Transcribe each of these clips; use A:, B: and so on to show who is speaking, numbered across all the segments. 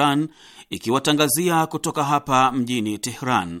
A: Iran ikiwatangazia kutoka hapa mjini Tehran.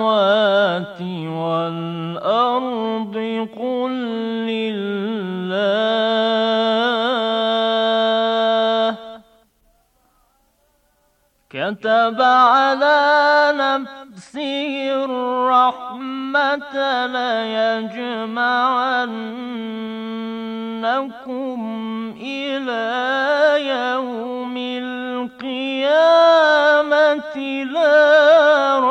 B: كتب على نفسه الرحمة ليجمعنكم إلى يوم القيامة لا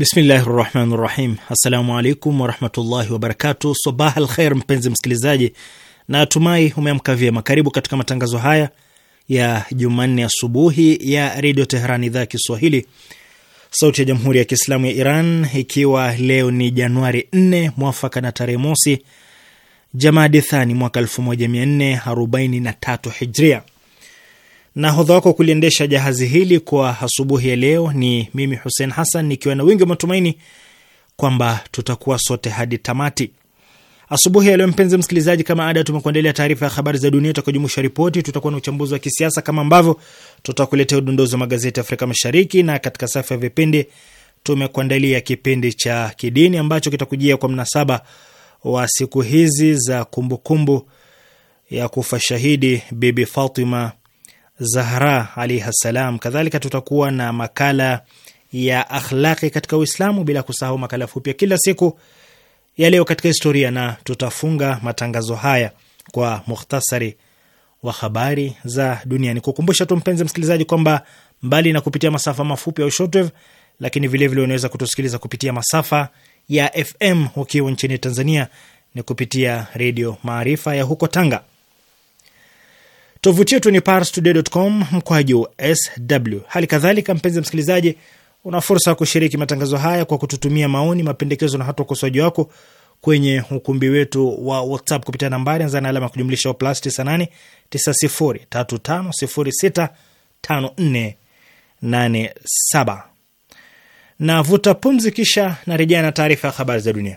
A: Bismillahi rahmani rahim. Assalamu alaikum warahmatullahi wabarakatu. Sabah al khair, mpenzi msikilizaji, na atumai umeamka vyema. Karibu katika matangazo haya ya Jumanne asubuhi ya Redio Tehran, idhaa ya Kiswahili, sauti ya Jamhuri ya Kiislamu ya Iran, ikiwa leo ni Januari 4 mwafaka na tarehe mosi Jamadi Thani mwaka 1443 Hijria. Nahodha wako kuliendesha jahazi hili kwa asubuhi ya leo ni mimi Hussein Hassan, nikiwa na wingi wa matumaini kwamba tutakuwa sote hadi tamati asubuhi ya leo. Mpenzi msikilizaji, kama ada, tumekuandalia taarifa ya habari za dunia utakajumuisha ripoti, tutakuwa na uchambuzi wa kisiasa kama ambavyo tutakuletea udondozi wa magazeti ya Afrika Mashariki, na katika safu ya vipindi tumekuandalia kipindi cha kidini ambacho kitakujia kwa mnasaba wa siku hizi za kumbukumbu kumbu ya kufa shahidi Bibi Fatima Zahra alaihi ssalam. Kadhalika tutakuwa na makala ya akhlaqi katika Uislamu, bila kusahau makala fupi ya kila siku ya leo katika historia, na tutafunga matangazo haya kwa mukhtasari wa habari za dunia. Ni kukumbusha tu mpenzi msikilizaji kwamba mbali na kupitia masafa mafupi ya shortwave, lakini vilevile unaweza kutusikiliza kupitia masafa ya FM ukiwa nchini Tanzania ni kupitia Redio Maarifa ya huko Tanga. Tovuti yetu ni parstoday.com mkwaju sw. Hali kadhalika, mpenzi msikilizaji, una fursa ya kushiriki matangazo haya kwa kututumia maoni, mapendekezo na hata ukosoaji wako kwenye ukumbi wetu wa WhatsApp kupitia nambari anza na alama ya kujumlisha wa plus 98 9035065487. Navuta pumzi, kisha narejea na taarifa ya habari za dunia.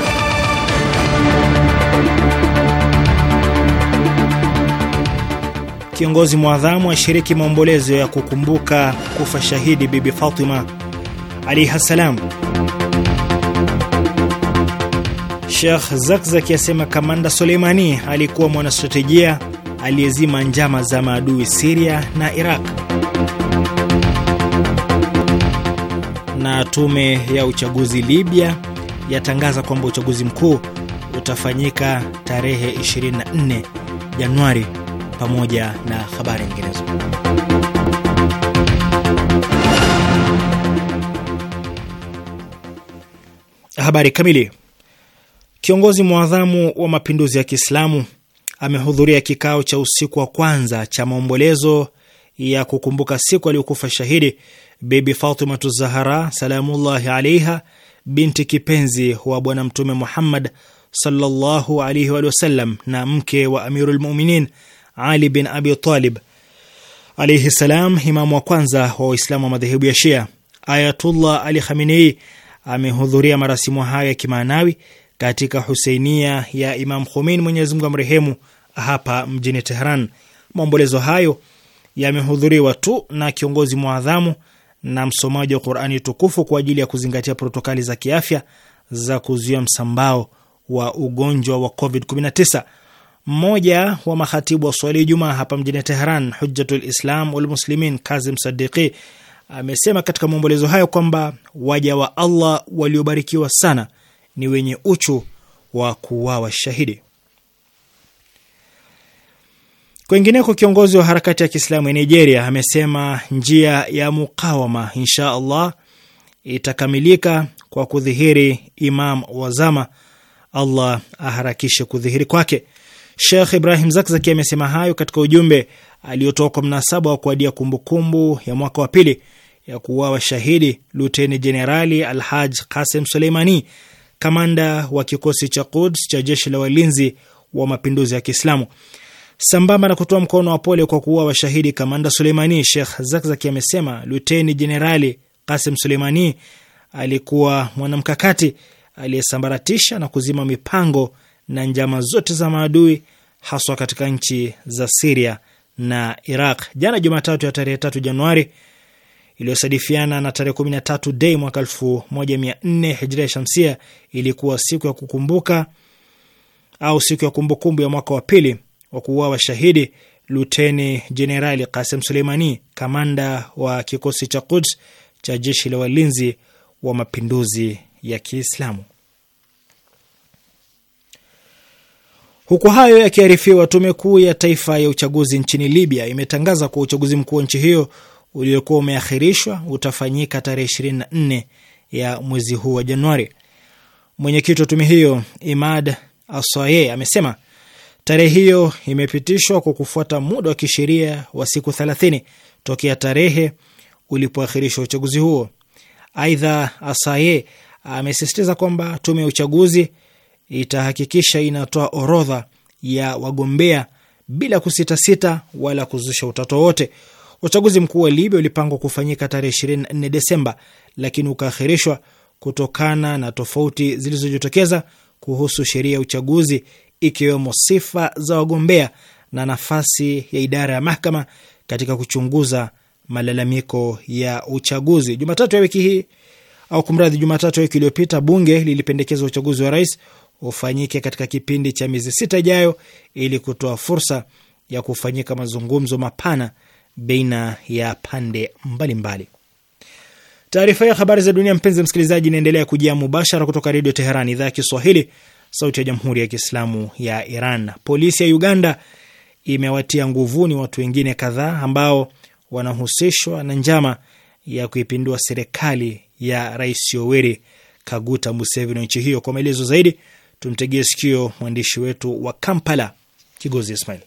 A: kiongozi mwadhamu ashiriki maombolezo ya kukumbuka kufa shahidi Bibi Fatima alaihi ssalam. Sheikh Zakzaki asema kamanda Soleimani alikuwa mwanastratejia aliyezima njama za maadui Siria na Iraq. Na tume ya uchaguzi Libya yatangaza kwamba uchaguzi mkuu utafanyika tarehe 24 Januari pamoja na habari nyinginezo. Habari kamili. Kiongozi mwadhamu wa mapinduzi ya Kiislamu amehudhuria kikao cha usiku wa kwanza cha maombolezo ya kukumbuka siku aliyokufa shahidi Bibi Fatimatu Zahara salamullahi alaiha, binti kipenzi wa Bwana Mtume Muhammad sallallahu alaihi wa sallam na mke wa Amirul Muminin ali bin Abi Talib alaihi salam, imamu wa kwanza wa Waislamu wa madhehebu ya Shia. Ayatullah Ali Khamenei amehudhuria marasimu hayo ya kimaanawi katika huseinia ya Imam Khomeini, Mwenyezi Mungu amrehemu, hapa mjini Tehran. Maombolezo hayo yamehudhuriwa tu na kiongozi mwadhamu na msomaji wa Qurani tukufu kwa ajili ya kuzingatia protokali za kiafya za kuzuia msambao wa ugonjwa wa COVID-19. Mmoja wa mahatibu wa swali Ijumaa hapa mjini Tehran, Hujjatul Islam wal Muslimin Kazim Sadiqi amesema katika maombolezo hayo kwamba waja wa Allah waliobarikiwa sana ni wenye uchu wa kuwawa shahidi. Kwengineko, kiongozi wa harakati ya Kiislamu ya Nigeria amesema njia ya mukawama insha Allah itakamilika kwa kudhihiri Imam Wazama, Allah aharakishe kudhihiri kwake. Sheikh Ibrahim Zakzaki amesema hayo katika ujumbe aliotoa kwa mnasaba wa kuadia kumbukumbu ya mwaka wa pili ya kuuawa shahidi Luteni Jenerali Alhaj Kasem Suleimani, kamanda wa kikosi cha Quds cha jeshi la walinzi wa mapinduzi ya Kiislamu. Sambamba na kutoa mkono wa pole kwa kuua washahidi kamanda Suleimani, Sheikh Zakzaki amesema Luteni Jenerali Kasem Suleimani alikuwa mwanamkakati aliyesambaratisha na kuzima mipango na njama zote za maadui haswa katika nchi za Siria na Iraq. Jana Jumatatu ya tarehe tatu Januari iliyosadifiana na tarehe 13 Dei mwaka 1400 Hijria Shamsia ilikuwa siku ya kukumbuka au siku ya kumbukumbu ya mwaka wa pili wa kuuawa shahidi Luteni Jenerali Kasem Suleimani, kamanda wa kikosi cha Quds cha jeshi la walinzi wa mapinduzi ya Kiislamu. Huku hayo yakiarifiwa, tume kuu ya taifa ya uchaguzi nchini Libya imetangaza kuwa uchaguzi mkuu wa nchi hiyo uliokuwa umeahirishwa utafanyika tarehe 24 ya mwezi huu wa Januari. Mwenyekiti wa tume hiyo Imad Asoye amesema tarehe hiyo imepitishwa kwa kufuata muda wa kisheria wa siku 30 tokea tarehe ulipoahirishwa uchaguzi huo. Aidha, Asaye amesisitiza kwamba tume ya uchaguzi itahakikisha inatoa orodha ya wagombea bila kusitasita wala kuzusha utata wowote. Uchaguzi mkuu wa Libya ulipangwa kufanyika tarehe 24 Desemba, lakini ukaahirishwa kutokana na tofauti zilizojitokeza kuhusu sheria ya uchaguzi, ikiwemo sifa za wagombea na nafasi ya idara ya mahakama katika kuchunguza malalamiko ya uchaguzi. Jumatatu ya wiki hii au kumradhi, Jumatatu ya wiki iliyopita bunge lilipendekeza uchaguzi wa rais ufanyike katika kipindi cha miezi sita ijayo ili kutoa fursa ya kufanyika mazungumzo mapana baina ya pande mbalimbali. Taarifa ya habari za dunia, mpenzi msikilizaji, inaendelea kujia mubashara kutoka Redio Teheran, idhaa ya Kiswahili, sauti ya Jamhuri ya Kiislamu ya Iran. Polisi ya Uganda imewatia nguvuni watu wengine kadhaa ambao wanahusishwa na njama ya kuipindua serikali ya Rais Yoweri Kaguta Museveni wa nchi hiyo. Kwa maelezo zaidi Tumtegee sikio mwandishi wetu wa Kampala, Kigozi Ismail.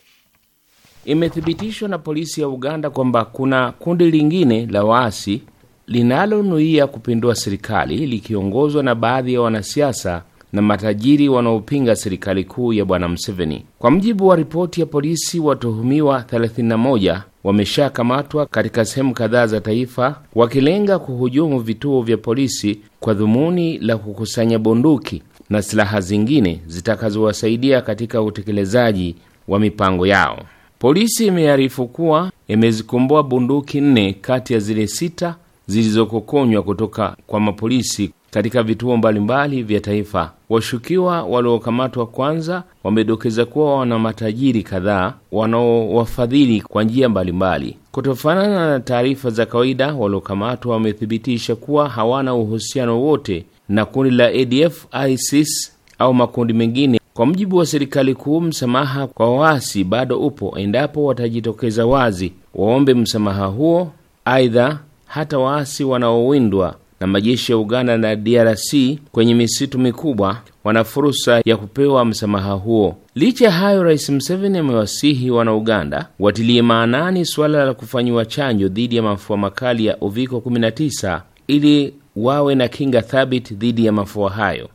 C: Imethibitishwa na polisi ya Uganda kwamba kuna kundi lingine la waasi linalonuia kupindua serikali likiongozwa na baadhi ya wanasiasa na matajiri wanaopinga serikali kuu ya Bwana Museveni. Kwa mjibu wa ripoti ya polisi, watuhumiwa 31 wameshakamatwa katika sehemu kadhaa za taifa wakilenga kuhujumu vituo vya polisi kwa dhumuni la kukusanya bunduki na silaha zingine zitakazowasaidia katika utekelezaji wa mipango yao. Polisi imearifu kuwa imezikomboa bunduki nne kati ya zile sita zilizokokonywa kutoka kwa mapolisi katika vituo mbalimbali vya taifa. Washukiwa waliokamatwa kwanza wamedokeza kuwa wana matajiri kadhaa wanaowafadhili kwa njia mbalimbali. Kutofanana na taarifa za kawaida, waliokamatwa wamethibitisha kuwa hawana uhusiano wote na kundi la ADF, ISIS au makundi mengine. Kwa mujibu wa serikali kuu, msamaha kwa waasi bado upo endapo watajitokeza wazi waombe msamaha huo. Aidha, hata waasi wanaowindwa na majeshi ya Uganda na DRC kwenye misitu mikubwa wana fursa ya kupewa msamaha huo. Licha ya hayo, Rais Museveni amewasihi wana Uganda watilie maanani suala la kufanyiwa chanjo dhidi ya mafua makali ya Uviko 19 ili wawe na kinga thabiti dhidi ya mafua hayo.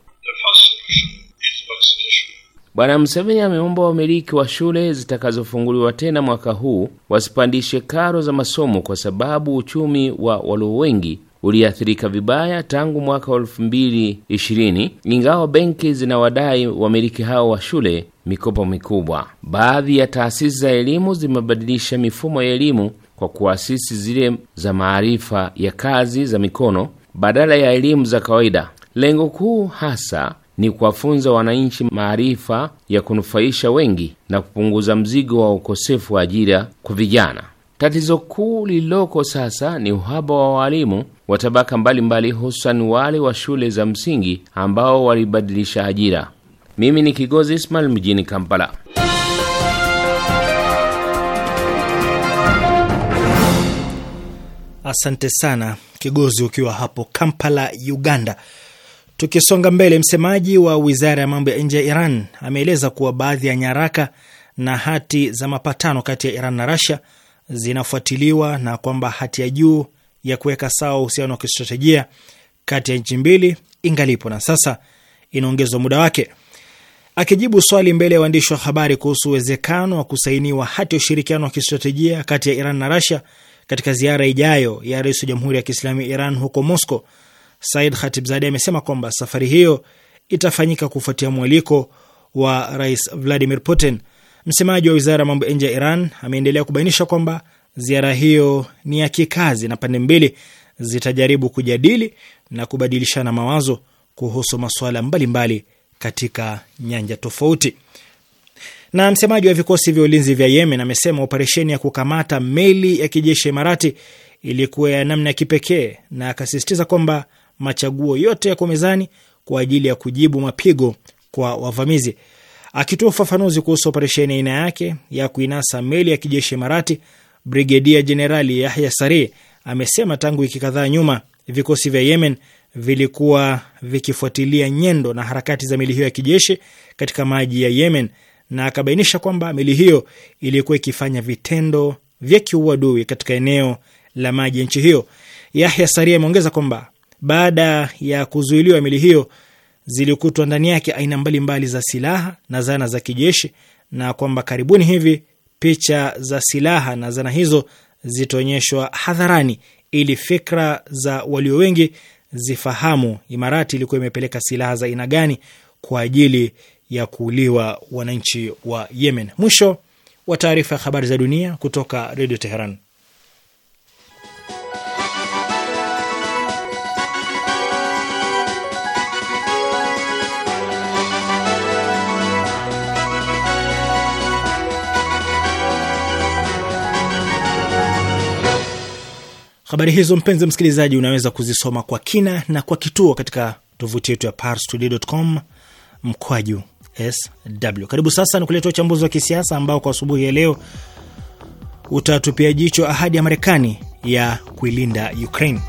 C: Bwana Museveni ameomba wamiliki wa shule zitakazofunguliwa tena mwaka huu wasipandishe karo za masomo kwa sababu uchumi wa walio wengi uliathirika vibaya tangu mwaka wa elfu mbili ishirini ingawa benki zinawadai wamiliki hao wa shule mikopo mikubwa. Baadhi ya taasisi za elimu zimebadilisha mifumo ya elimu kwa kuasisi zile za maarifa ya kazi za mikono badala ya elimu za kawaida. Lengo kuu hasa ni kuwafunza wananchi maarifa ya kunufaisha wengi na kupunguza mzigo wa ukosefu wa ajira kwa vijana. Tatizo kuu lililoko sasa ni uhaba wa walimu wa tabaka mbalimbali, hususan wale wa shule za msingi ambao walibadilisha ajira. Mimi ni Kigozi Ismail mjini Kampala.
A: Asante sana. Kigozi ukiwa hapo Kampala, Uganda. Tukisonga mbele, msemaji wa wizara ya mambo ya nje ya Iran ameeleza kuwa baadhi ya nyaraka na hati za mapatano kati ya Iran na Rasia zinafuatiliwa na kwamba hati ya juu ya kuweka sawa uhusiano wa kistratejia kati ya nchi mbili ingalipo na sasa inaongezwa muda wake. Akijibu swali mbele ya waandishi wa habari kuhusu uwezekano wa kusainiwa hati ya ushirikiano wa kistratejia kati ya Iran na Rasia, katika ziara ijayo ya rais wa Jamhuri ya Kiislamu ya Iran huko Moscow, Said Khatibzadeh amesema kwamba safari hiyo itafanyika kufuatia mwaliko wa Rais Vladimir Putin. Msemaji wa wizara ya mambo ya nje ya Iran ameendelea kubainisha kwamba ziara hiyo ni ya kikazi na pande mbili zitajaribu kujadili na kubadilishana mawazo kuhusu masuala mbalimbali katika nyanja tofauti. Na msemaji wa vikosi vya ulinzi vya Yemen amesema operesheni ya kukamata meli ya kijeshi ya Imarati ilikuwa ya namna ya kipekee, na akasisitiza kwamba machaguo yote yako mezani kwa ajili ya kujibu mapigo kwa wavamizi. Akitoa ufafanuzi kuhusu operesheni aina yake ya kuinasa meli ya kijeshi Imarati, Brigedia Jenerali Yahya Sari amesema tangu wiki kadhaa nyuma vikosi vya Yemen vilikuwa vikifuatilia nyendo na harakati za meli hiyo ya kijeshi katika maji ya Yemen na akabainisha kwamba meli hiyo ilikuwa ikifanya vitendo vya kiuadui katika eneo la maji ya nchi hiyo. Yahya Saria ameongeza kwamba baada ya kuzuiliwa meli hiyo zilikutwa ndani yake aina mbalimbali mbali za silaha na zana za kijeshi, na kwamba karibuni hivi picha za silaha na zana hizo zitaonyeshwa hadharani ili fikra za walio wengi zifahamu Imarati ilikuwa imepeleka silaha za aina gani kwa ajili ya kuuliwa wananchi wa Yemen. Mwisho wa taarifa ya habari za dunia kutoka Redio Teheran. Habari hizo mpenzi msikilizaji, unaweza kuzisoma kwa kina na kwa kituo katika tovuti yetu ya parstoday.com mkwaju SW. Karibu sasa ni kuleta uchambuzi wa kisiasa ambao kwa asubuhi ya leo utatupia jicho ahadi ya Marekani ya kuilinda Ukraine.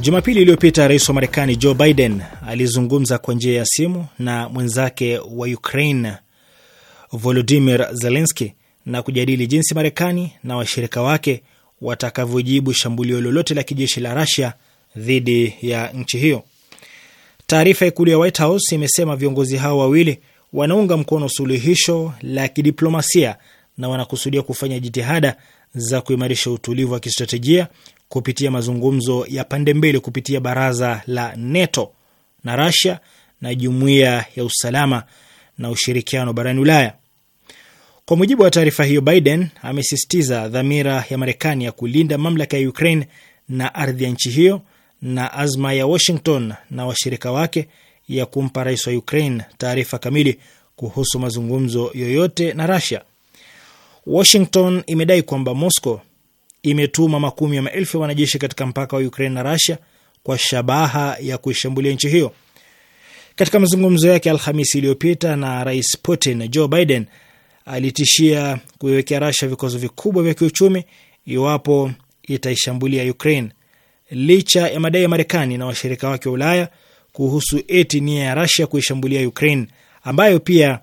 A: Jumapili iliyopita rais wa Marekani Joe Biden alizungumza kwa njia ya simu na mwenzake wa Ukraine Volodimir Zelenski na kujadili jinsi Marekani na washirika wake watakavyojibu shambulio lolote la kijeshi la Rasia dhidi ya nchi hiyo. Taarifa ikulu ya White House imesema viongozi hao wawili wanaunga mkono suluhisho la kidiplomasia na wanakusudia kufanya jitihada za kuimarisha utulivu wa kistratejia kupitia mazungumzo ya pande mbili kupitia baraza la NATO na Rasia na jumuiya ya usalama na ushirikiano barani Ulaya. Kwa mujibu wa taarifa hiyo, Biden amesisitiza dhamira ya Marekani ya kulinda mamlaka ya Ukraine na ardhi ya nchi hiyo na azma ya Washington na washirika wake ya kumpa rais wa Ukraine taarifa kamili kuhusu mazungumzo yoyote na Russia. Washington imedai kwamba Moscow imetuma makumi ya maelfu ya wanajeshi katika mpaka wa Ukraine na Russia kwa shabaha ya kuishambulia nchi hiyo. Katika mazungumzo yake Alhamisi iliyopita na Rais Putin, Joe Biden alitishia kuiwekea Rasha vikwazo vikubwa vya kiuchumi iwapo itaishambulia Ukraine. Licha ya madai ya Marekani na washirika wake wa Ulaya kuhusu eti nia ya Rasia kuishambulia Ukraine, ambayo pia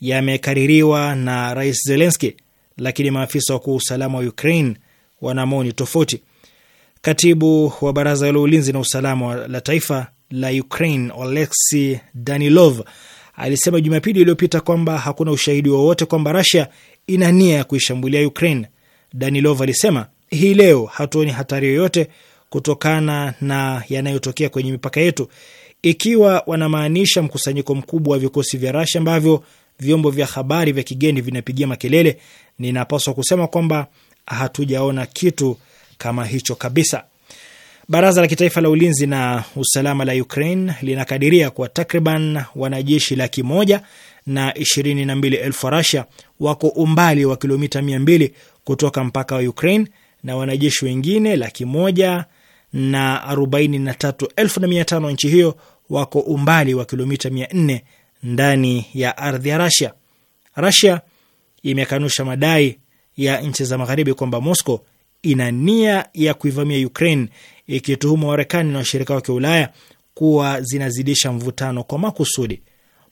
A: yamekaririwa na Rais Zelenski, lakini maafisa wakuu wa usalama wa Ukraine wana maoni tofauti. Katibu wa baraza la ulinzi na usalama la taifa la Ukraine Oleksi Danilov alisema Jumapili iliyopita kwamba hakuna ushahidi wowote kwamba rasia ina nia ya kuishambulia Ukraine. Danilov alisema hii leo hatuoni hatari yoyote kutokana na yanayotokea kwenye mipaka yetu, ikiwa wanamaanisha mkusanyiko mkubwa wa vikosi vya Russia ambavyo vyombo vya habari vya kigeni vinapigia makelele. Ninapaswa kusema kwamba hatujaona kitu kama hicho kabisa. Baraza la kitaifa la ulinzi na usalama la Ukraine linakadiria kwa takriban wanajeshi laki moja na ishirini na mbili elfu wa Rasia wako umbali wa kilomita mia mbili kutoka mpaka wa Ukraine na wanajeshi wengine laki moja na arobaini na tatu elfu na mia tano nchi hiyo wako umbali wa kilomita mia nne ndani ya ardhi ya Rasia. Rasia imekanusha madai ya nchi za magharibi kwamba Moscow ina nia ya kuivamia Ukraine ikituhuma Marekani na washirika wake wa Ulaya kuwa zinazidisha mvutano kwa makusudi.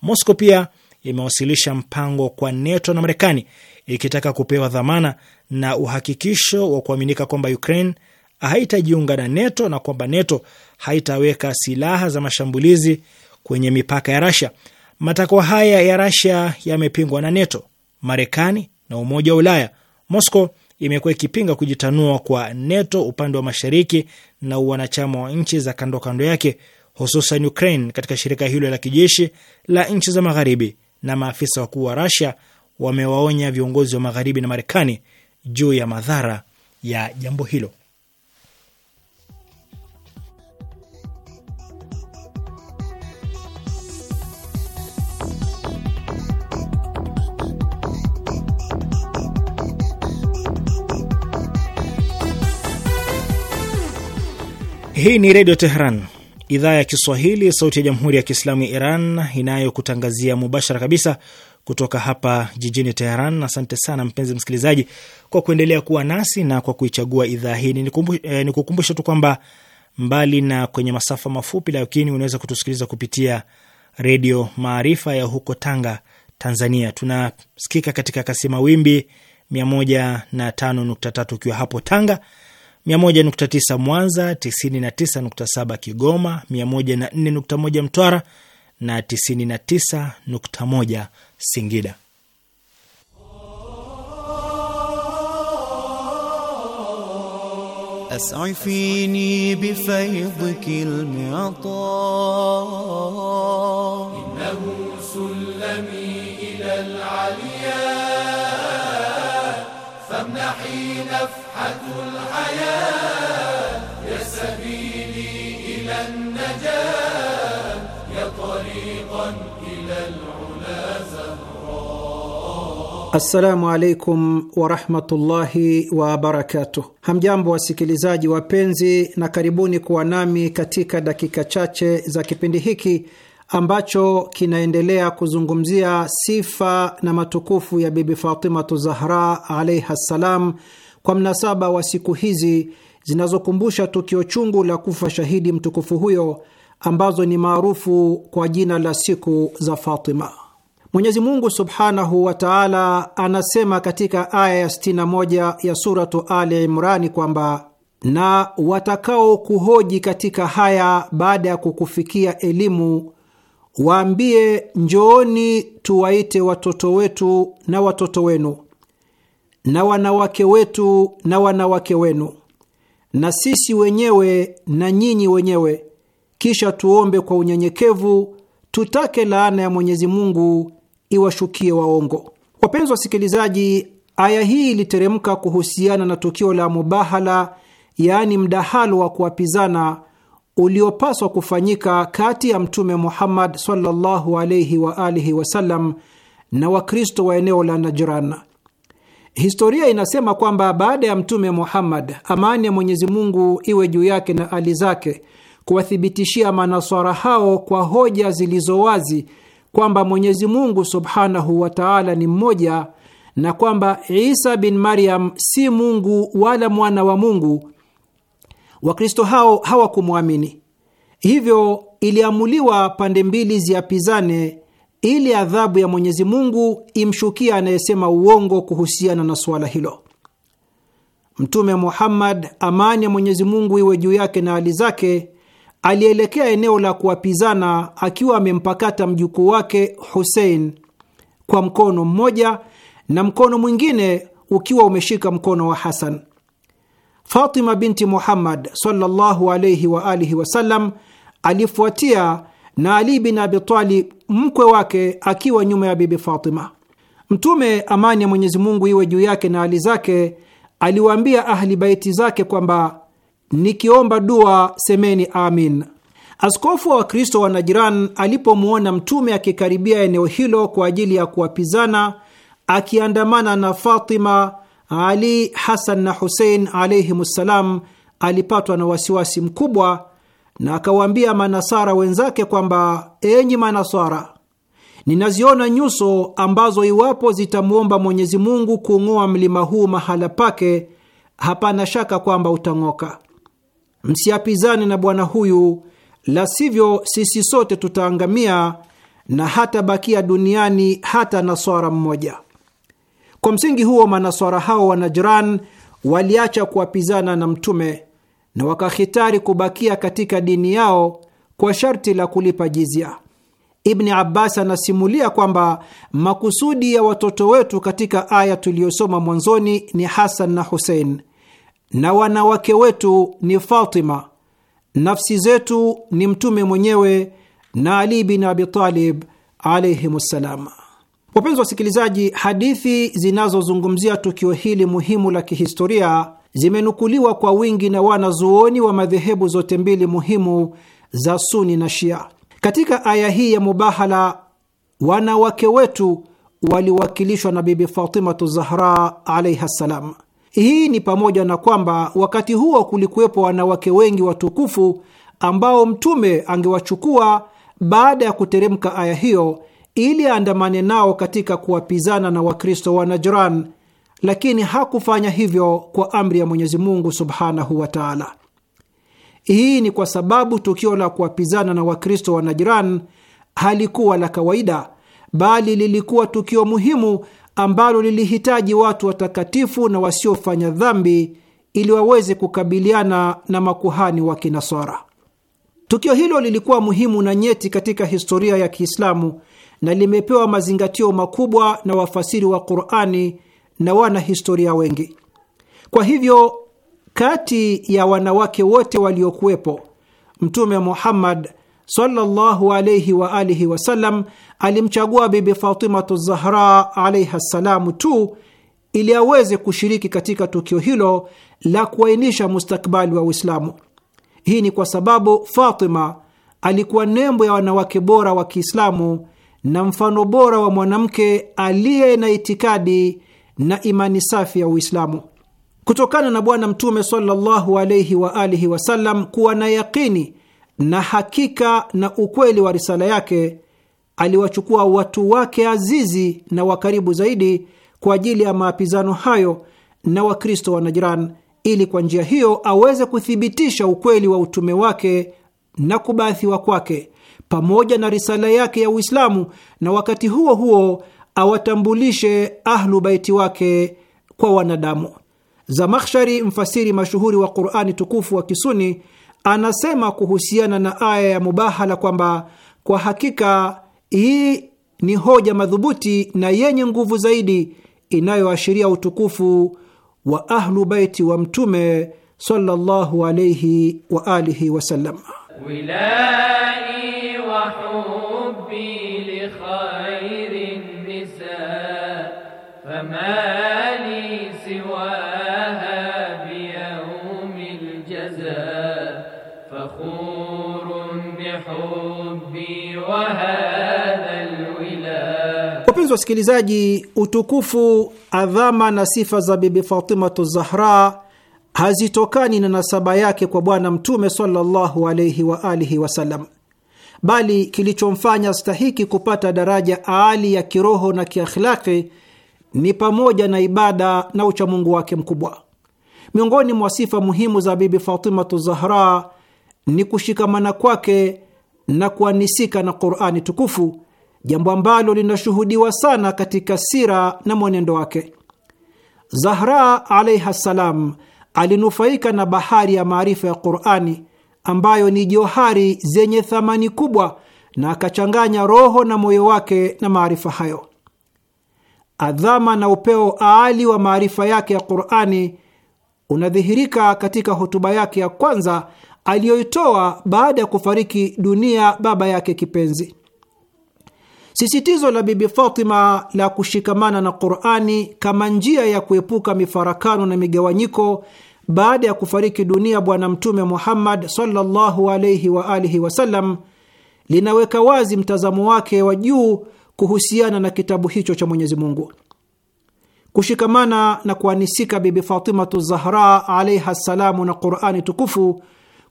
A: Moscow pia imewasilisha mpango kwa NATO na Marekani ikitaka kupewa dhamana na uhakikisho wa kuaminika kwamba Ukraine haitajiunga na NATO na kwamba NATO haitaweka silaha za mashambulizi kwenye mipaka ya Russia. Matakwa haya ya Russia yamepingwa na NATO, Marekani na Umoja wa Ulaya. Moscow imekuwa ikipinga kujitanua kwa NATO upande wa mashariki na wanachama wa nchi za kando kando yake hususan Ukraine katika shirika hilo la kijeshi la nchi za magharibi, na maafisa wakuu wa Russia wamewaonya viongozi wa magharibi na Marekani juu ya madhara ya jambo hilo. Hii ni Redio Teheran, idhaa ya Kiswahili, sauti ya Jamhuri ya Kiislamu ya Iran, inayokutangazia mubashara kabisa kutoka hapa jijini Teheran. Asante sana mpenzi msikilizaji kwa kuendelea kuwa nasi na kwa kuichagua idhaa hii. ni eh, kukumbusha tu kwamba mbali na kwenye masafa mafupi, lakini unaweza kutusikiliza kupitia Redio Maarifa ya huko Tanga, Tanzania. Tunasikika katika kasi mawimbi 105.3 ukiwa hapo Tanga 101.9 Mwanza, 99.7 Kigoma, 104.1 Mtwara na 99.1 Singida.
B: as'ifini bifaydhiki al innahu sulami ila al famnahi
D: nafsi
E: Assalamu alaikum warahmatullahi wabarakatuh. Hamjambo wasikilizaji wapenzi, na karibuni kuwa nami katika dakika chache za kipindi hiki ambacho kinaendelea kuzungumzia sifa na matukufu ya Bibi Fatimatu Zahra alaiha ssalam kwa mnasaba wa siku hizi zinazokumbusha tukio chungu la kufa shahidi mtukufu huyo ambazo ni maarufu kwa jina la siku za Fatima. Mwenyezi Mungu subhanahu wa taala anasema katika aya ya 61 ya suratu Ali Imrani kwamba na watakaokuhoji katika haya baada ya kukufikia elimu, waambie njooni tuwaite watoto wetu na watoto wenu na wanawake wetu na wanawake wenu na sisi wenyewe na nyinyi wenyewe, kisha tuombe kwa unyenyekevu, tutake laana ya Mwenyezi Mungu iwashukie waongo. Wapenzi wasikilizaji, aya hii iliteremka kuhusiana na tukio la mubahala, yaani mdahalo wa kuwapizana uliopaswa kufanyika kati ya Mtume Muhammad sallallahu alayhi wa alihi wasallam na Wakristo wa eneo la Najran. Historia inasema kwamba baada ya Mtume Muhammad, amani ya Mwenyezi Mungu iwe juu yake na ali zake, kuwathibitishia manaswara hao kwa hoja zilizo wazi kwamba Mwenyezi Mungu subhanahu wa taala ni mmoja na kwamba Isa bin Maryam si Mungu wala mwana wa Mungu, Wakristo hao hawakumwamini. Hivyo iliamuliwa pande mbili ziapizane ili adhabu ya Mwenyezi Mungu imshukia anayesema uongo kuhusiana na suala hilo. Mtume Muhammad, amani ya Mwenyezi Mungu iwe juu yake na hali zake, alielekea eneo la kuwapizana akiwa amempakata mjukuu wake Husein kwa mkono mmoja na mkono mwingine ukiwa umeshika mkono wa Hasan. Fatima binti Muhammad sallallahu alaihi wa alihi wasallam alifuatia na Ali bin Abi Talib mkwe wake akiwa nyuma ya Bibi Fatima. Mtume, amani ya Mwenyezi Mungu iwe juu yake na ali zake, aliwaambia ahli baiti zake kwamba nikiomba dua semeni amin. Askofu wa Wakristo wa Najiran alipomwona Mtume akikaribia eneo hilo kwa ajili ya kuwapizana akiandamana na Fatima, Ali, Hasan na Husein alayhim ssalam, alipatwa na wasiwasi mkubwa na akawaambia manasara wenzake kwamba enyi manasara, ninaziona nyuso ambazo iwapo zitamwomba Mwenyezi Mungu kung'oa mlima huu mahala pake, hapana shaka kwamba utang'oka. Msiapizane na bwana huyu, la sivyo sisi sote tutaangamia na hata bakia duniani hata naswara mmoja. Kwa msingi huo, manaswara hao wa Najran waliacha kuapizana na Mtume na wakahitari kubakia katika dini yao kwa sharti la kulipa jizya Ibni Abbas anasimulia kwamba makusudi ya watoto wetu katika aya tuliyosoma mwanzoni ni Hasan na Husein, na wanawake wetu ni Fatima, nafsi zetu ni Mtume mwenyewe na Ali bin Abitalib alaihim ssalam. Wapenzi wasikilizaji, hadithi zinazozungumzia tukio hili muhimu la kihistoria zimenukuliwa kwa wingi na wanazuoni wa madhehebu zote mbili muhimu za Suni na Shia. Katika aya hii ya mubahala, wanawake wetu waliwakilishwa na Bibi Fatimatu Zahra alaiha ssalam. Hii ni pamoja na kwamba wakati huo kulikuwepo wanawake wengi watukufu ambao Mtume angewachukua baada ya kuteremka aya hiyo ili aandamane nao katika kuwapizana na Wakristo wa Najran lakini hakufanya hivyo kwa amri ya Mwenyezi Mungu subhanahu wa taala. Hii ni kwa sababu tukio la kuwapizana na Wakristo wa Najiran halikuwa la kawaida, bali lilikuwa tukio muhimu ambalo lilihitaji watu watakatifu na wasiofanya dhambi ili waweze kukabiliana na makuhani wa Kinasara. Tukio hilo lilikuwa muhimu na nyeti katika historia ya Kiislamu na limepewa mazingatio makubwa na wafasiri wa Qurani na wanahistoria wengi. Kwa hivyo, kati ya wanawake wote waliokuwepo, Mtume Muhammad sallallahu alayhi wa alihi wasallam alimchagua Bibi Fatimatu Zahra alaiha ssalamu tu ili aweze kushiriki katika tukio hilo la kuainisha mustakbali wa Uislamu. Hii ni kwa sababu Fatima alikuwa nembo ya wanawake bora wa Kiislamu na mfano bora wa mwanamke aliye na itikadi na imani safi ya Uislamu. Kutokana na Bwana Mtume sallallahu alaihi wa alihi wasallam kuwa na yaqini na hakika na ukweli wa risala yake, aliwachukua watu wake azizi na wa karibu zaidi kwa ajili ya maapizano hayo na Wakristo wa Najran ili kwa njia hiyo aweze kuthibitisha ukweli wa utume wake na kubaathiwa kwake pamoja na risala yake ya Uislamu, na wakati huo huo awatambulishe Ahlu Baiti wake kwa wanadamu. Zamakhshari, mfasiri mashuhuri wa Qurani tukufu wa Kisuni, anasema kuhusiana na aya ya mubahala kwamba kwa hakika hii ni hoja madhubuti na yenye nguvu zaidi inayoashiria utukufu wa Ahlu Baiti wa Mtume sallallahu alayhi wa alihi wasallam.
B: wilai wa hubbi li khair
E: Wapenzi wasikilizaji, utukufu, adhama na sifa za Bibi Fatimatu Zahra hazitokani na nasaba yake kwa Bwana Mtume sallallahu alaihi wa alihi wasallam, bali kilichomfanya stahiki kupata daraja aali ya kiroho na kiakhlaki ni pamoja na ibada na uchamungu wake mkubwa. Miongoni mwa sifa muhimu za Bibi Fatimatu Zahra ni kushikamana kwake na kuanisika na Qurani tukufu, jambo ambalo linashuhudiwa sana katika sira na mwenendo wake. Zahra alaihi ssalam alinufaika na bahari ya maarifa ya Qurani ambayo ni johari zenye thamani kubwa, na akachanganya roho na moyo wake na maarifa hayo. Adhama na upeo aali wa maarifa yake ya Qurani unadhihirika katika hotuba yake ya kwanza aliyoitoa baada ya kufariki dunia baba yake kipenzi. Sisitizo la Bibi Fatima la kushikamana na Qurani kama njia ya kuepuka mifarakano na migawanyiko baada ya kufariki dunia Bwana Mtume Muhammad sallallahu alaihi wa alihi wasallam linaweka wazi mtazamo wake wa juu kuhusiana na kitabu hicho cha Mwenyezi Mungu. Kushikamana na kuanisika Bibi Fatimatu Zahra alaiha ssalamu na Qurani tukufu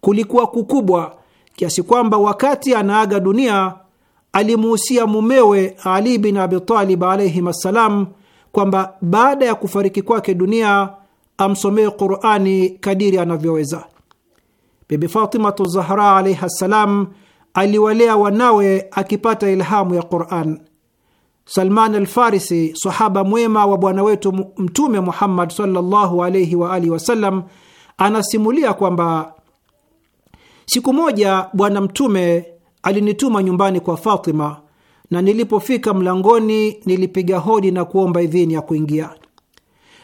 E: kulikuwa kukubwa kiasi kwamba wakati anaaga dunia alimuhusia mumewe Ali bin Abitalib alaihim assalam kwamba baada ya kufariki kwake dunia amsomee Qurani kadiri anavyoweza. Bibi Fatimatu Zahra alaiha ssalam aliwalea wanawe akipata ilhamu ya Qurani. Salman Alfarisi, sahaba mwema wa bwana wetu Mtume Muhammad sallallahu alaihi wa alihi wasallam, anasimulia kwamba siku moja Bwana Mtume alinituma nyumbani kwa Fatima, na nilipofika mlangoni nilipiga hodi na kuomba idhini ya kuingia.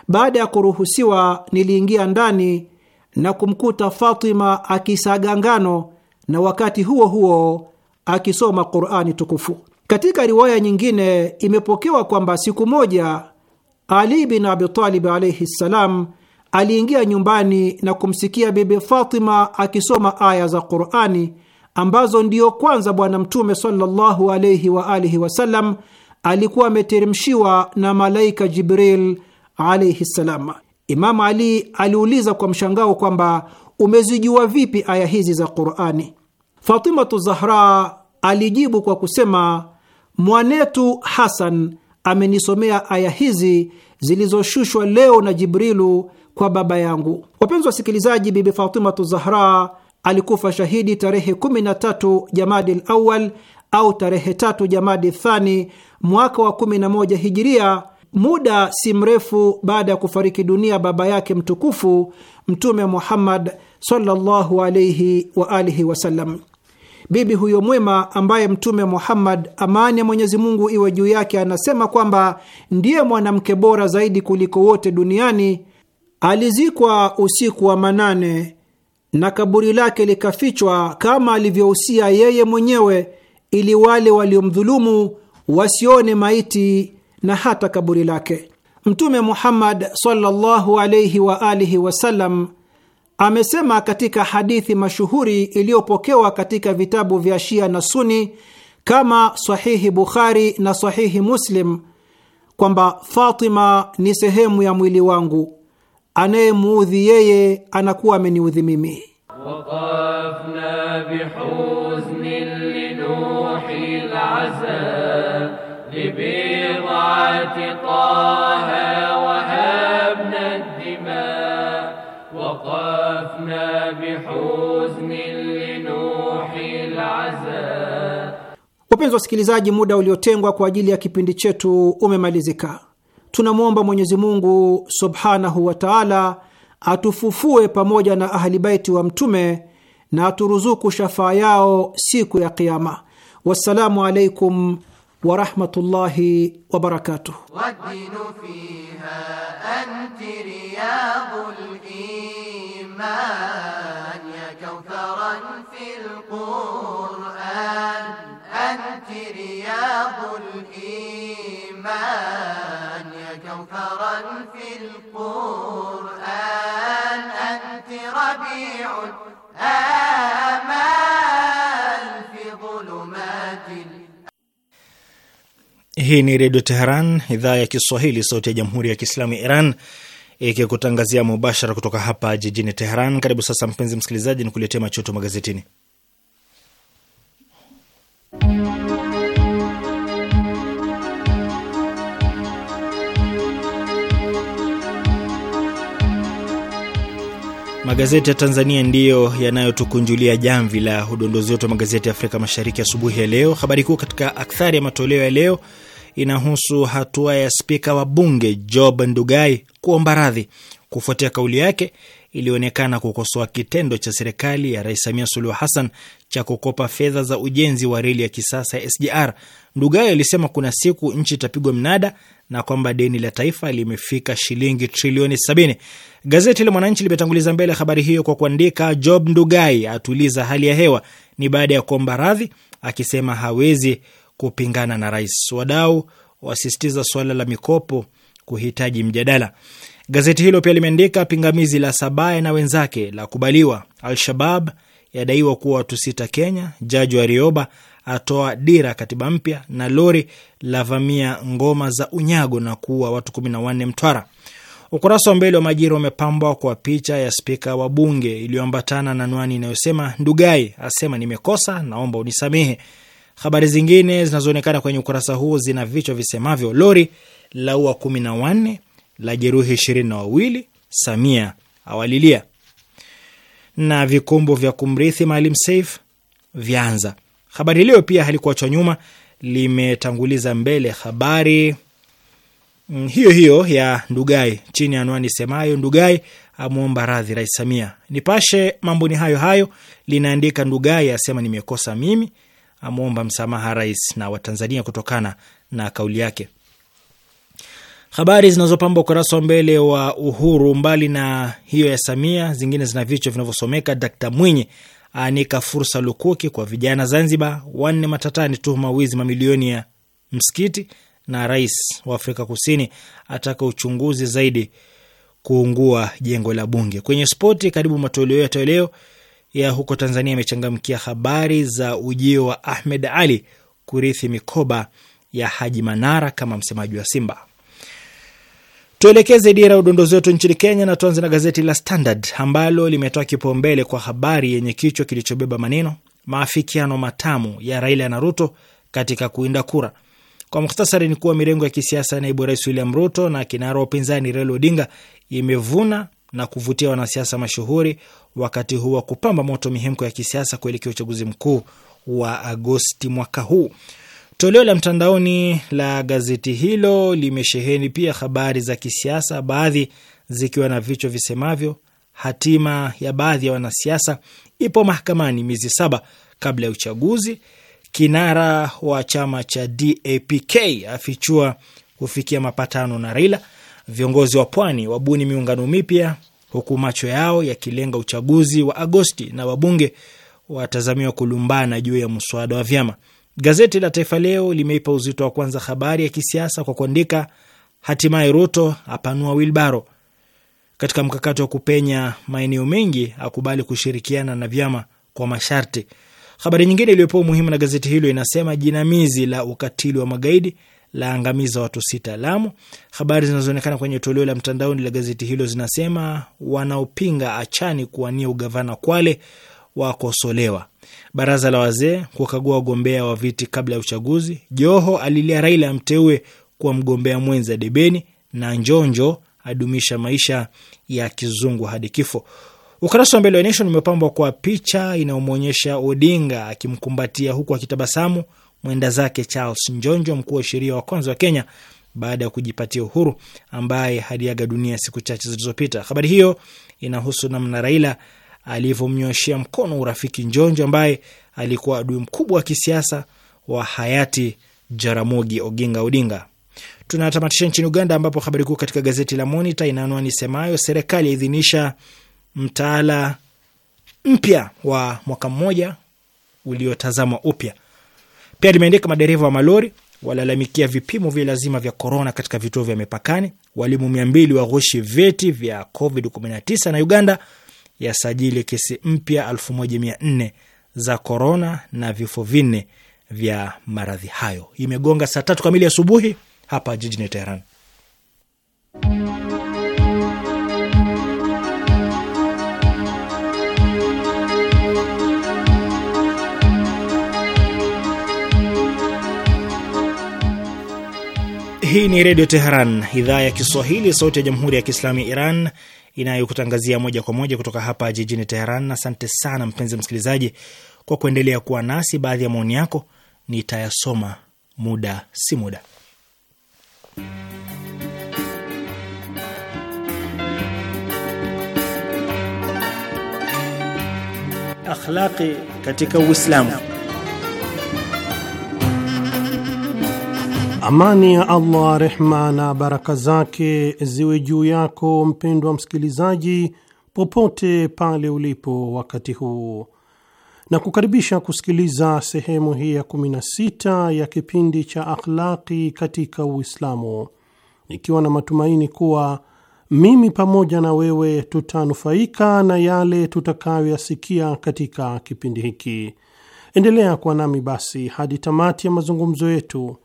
E: Baada ya kuruhusiwa, niliingia ndani na kumkuta Fatima akisaga ngano na wakati huo huo akisoma Qurani tukufu. Katika riwaya nyingine imepokewa kwamba siku moja Ali bin Abi Talib alaihi ssalam aliingia nyumbani na kumsikia Bibi Fatima akisoma aya za Qurani ambazo ndiyo kwanza Bwana Mtume sallallahu alaihi wa alihi wasallam alikuwa ameteremshiwa na malaika Jibril alaihi ssalam. Imamu Ali aliuliza kwa mshangao kwamba umezijua vipi aya hizi za Qurani? Fatimatu Zahra alijibu kwa kusema Mwanetu Hasan amenisomea aya hizi zilizoshushwa leo na Jibrilu kwa baba yangu. Wapenzi wasikilizaji, Bibi Fatimatu Zahra alikufa shahidi tarehe 13 Jamadi Lawal au tarehe tatu Jamadi Thani mwaka wa 11 Hijiria, muda si mrefu baada ya kufariki dunia baba yake mtukufu Mtume Muhammad sallallahu alaihi wa alihi wasallam. Bibi huyo mwema ambaye Mtume Muhammad, amani ya Mwenyezi Mungu iwe juu yake, anasema kwamba ndiye mwanamke bora zaidi kuliko wote duniani, alizikwa usiku wa manane na kaburi lake likafichwa kama alivyohusia yeye mwenyewe, ili wale waliomdhulumu wasione maiti na hata kaburi lake. Mtume Muhammad sallallahu alaihi wa alihi wasallam Amesema katika hadithi mashuhuri iliyopokewa katika vitabu vya Shia na Suni kama Sahihi Bukhari na Sahihi Muslim kwamba Fatima ni sehemu ya mwili wangu, anayemuudhi yeye anakuwa ameniudhi mimi.
B: بحزن wa العزاء
E: Wapenzi wasikilizaji, muda uliotengwa kwa ajili ya kipindi chetu umemalizika. Tunamwomba Mwenyezi Mungu subhanahu wa taala atufufue pamoja na ahli baiti wa Mtume na aturuzuku shafaa yao siku ya Kiama. Wassalamu alaikum warahmatullahi wabarakatuh.
B: الرحمن يا كوثرا في القرآن أنت رياض الإيمان يا كوثرا في القرآن أنت ربيع الآمال في ظلمات
A: Hii ni Redio Teheran, idhaa ya Kiswahili, sauti ya Jamhuri ya Kiislamu Iran ikikutangazia mubashara kutoka hapa jijini Teheran. Karibu sasa, mpenzi msikilizaji, ni kuletea machoto magazetini. Magazeti ya Tanzania ndiyo yanayotukunjulia jamvi la udondozi wetu wa magazeti ya Afrika Mashariki asubuhi ya leo. Habari kuu katika akthari ya matoleo ya leo inahusu hatua ya spika wa bunge Job Ndugai kuomba radhi kufuatia kauli yake ilionekana kukosoa kitendo cha serikali ya Rais Samia Suluhu Hassan cha kukopa fedha za ujenzi wa reli ya kisasa ya SGR. Ndugai alisema kuna siku nchi itapigwa mnada na kwamba deni la taifa limefika shilingi trilioni sabini. Gazeti la Mwananchi limetanguliza mbele habari hiyo kwa kuandika, Job Ndugai atuliza hali ya hewa, ni baada ya kuomba radhi akisema hawezi kupingana na rais. Wadau wasisitiza suala la mikopo kuhitaji mjadala. Gazeti hilo pia limeandika pingamizi la sabae na wenzake la kubaliwa. Al-Shabab yadaiwa kuwa watu sita Kenya. Jaji wa rioba atoa dira katiba mpya, na lori lavamia ngoma za unyago na kuua watu kumi na wanne Mtwara. Ukurasa wa mbele wa Majira umepambwa kwa picha ya spika wa bunge iliyoambatana na anwani inayosema Ndugai asema nimekosa, naomba unisamehe. Habari zingine zinazoonekana kwenye ukurasa huu zina vichwa visemavyo: lori la ua kumi na wanne la jeruhi ishirini na wawili, Samia awalilia, na vikumbo vya kumrithi Maalim Seif vyanza. Habari Leo pia halikuachwa nyuma, limetanguliza mbele habari mm, hiyo hiyo ya Ndugai chini ya anwani semayo Ndugai amwomba radhi Rais Samia. Nipashe mambo ni hayo hayo linaandika Ndugai asema nimekosa mimi amwomba msamaha rais na Watanzania kutokana na kauli yake. Habari zinazopamba ukurasa wa mbele wa Uhuru, mbali na hiyo ya Samia, zingine zina vichwa vinavyosomeka: Dkt Mwinyi aanika fursa lukuki kwa vijana Zanzibar, wanne matatani tuhuma wizi mamilioni ya msikiti, na rais wa Afrika Kusini ataka uchunguzi zaidi kuungua jengo la Bunge. Kwenye spoti, karibu matoleo ya toleo ya huko Tanzania imechangamkia habari za ujio wa Ahmed Ali kurithi mikoba ya Haji Manara kama msemaji wa Simba. Tuelekeze dira ya udondozi wetu nchini Kenya na tuanze na gazeti la Standard ambalo limetoa kipaumbele kwa habari yenye kichwa kilichobeba maneno maafikiano matamu ya Raila na Ruto katika kuinda kura. Kwa muhtasari, ni kuwa mirengo ya kisiasa ya naibu rais William Ruto na kinara wa upinzani Raila Odinga imevuna na kuvutia wanasiasa mashuhuri wakati huu wa kupamba moto mihemko ya kisiasa kuelekea uchaguzi mkuu wa Agosti mwaka huu. Toleo la mtandaoni la gazeti hilo limesheheni pia habari za kisiasa, baadhi zikiwa na vichwa visemavyo: hatima ya baadhi ya wanasiasa ipo mahakamani miezi saba kabla ya uchaguzi, kinara wa chama cha DAPK afichua kufikia mapatano na Raila, viongozi wa pwani wabuni miungano mipya huku macho yao yakilenga uchaguzi wa Agosti na wabunge watazamiwa kulumbana juu ya mswada wa vyama. Gazeti la Taifa Leo limeipa uzito wa kwanza habari ya kisiasa kwa kuandika, hatimaye Ruto apanua wilbaro katika mkakati wa kupenya maeneo mengi, akubali kushirikiana na vyama kwa masharti. Habari nyingine iliyopewa umuhimu na gazeti hilo inasema jinamizi la ukatili wa magaidi la angamiza watu sita Lamu. Habari zinazoonekana kwenye toleo la mtandaoni la gazeti hilo zinasema wanaopinga achani kuwania ugavana Kwale wakosolewa, baraza la wazee kukagua wagombea wa viti kabla ya uchaguzi, Joho alilia Raila amteue kuwa mgombea mwenza debeni, na Njonjo adumisha maisha ya kizungu hadi kifo. Ukurasa wa mbele wa Nation umepambwa kwa picha inayomwonyesha Odinga akimkumbatia huku akitabasamu mwenda zake Charles Njonjo, mkuu wa sheria wa kwanza wa Kenya baada ya kujipatia uhuru, ambaye aliaga dunia siku chache zilizopita. Habari hiyo inahusu namna Raila alivyomnyoshea mkono urafiki Njonjo, ambaye alikuwa adui mkubwa wa kisiasa wa hayati Jaramogi Oginga Odinga. Tunatamatisha nchini Uganda, ambapo habari kuu katika gazeti la Monita ina anwani semayo serikali yaidhinisha mtaala mpya wa mwaka mmoja uliotazamwa upya. Pia limeandika madereva wa malori walalamikia vipimo vya lazima vya korona katika vituo vya mipakani, walimu mia mbili waghushi vyeti vya COVID-19 na Uganda yasajili kesi mpya nne za korona na vifo vinne vya maradhi hayo. Imegonga saa tatu kamili asubuhi hapa jijini Teheran. Hii ni Redio Teheran, idhaa ya Kiswahili, sauti ya Jamhuri ya Kiislamu ya Iran inayokutangazia moja kwa moja kutoka hapa jijini Teheran. Asante sana mpenzi msikilizaji kwa kuendelea kuwa nasi. Baadhi ya maoni yako nitayasoma muda si muda. Akhlaqi katika Uislamu.
F: Amani ya Allah, rehma na baraka zake ziwe juu yako mpendwa msikilizaji, popote pale ulipo wakati huu, na kukaribisha kusikiliza sehemu hii ya 16 ya kipindi cha Akhlaqi katika Uislamu, ikiwa na matumaini kuwa mimi pamoja na wewe tutanufaika na yale tutakayoyasikia katika kipindi hiki. Endelea kuwa nami basi hadi tamati ya mazungumzo yetu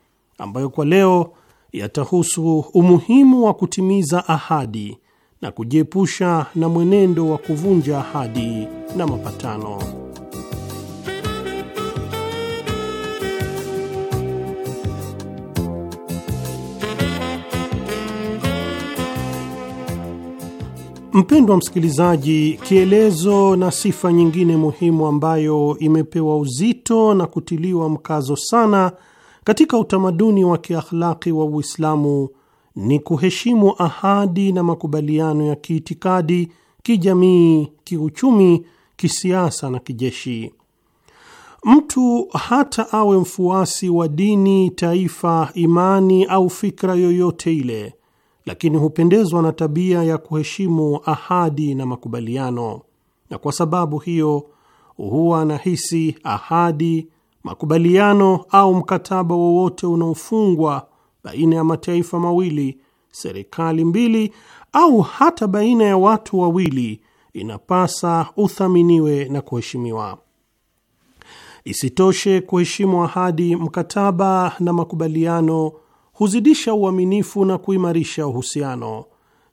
F: ambayo kwa leo yatahusu umuhimu wa kutimiza ahadi na kujiepusha na mwenendo wa kuvunja ahadi na mapatano. Mpendwa msikilizaji, kielezo na sifa nyingine muhimu ambayo imepewa uzito na kutiliwa mkazo sana katika utamaduni wa kiakhlaki wa Uislamu ni kuheshimu ahadi na makubaliano ya kiitikadi, kijamii, kiuchumi, kisiasa na kijeshi. Mtu hata awe mfuasi wa dini, taifa, imani au fikra yoyote ile, lakini hupendezwa na tabia ya kuheshimu ahadi na makubaliano, na kwa sababu hiyo huwa anahisi ahadi makubaliano au mkataba wowote unaofungwa baina ya mataifa mawili, serikali mbili, au hata baina ya watu wawili inapasa uthaminiwe na kuheshimiwa. Isitoshe, kuheshimu ahadi, mkataba na makubaliano huzidisha uaminifu na kuimarisha uhusiano,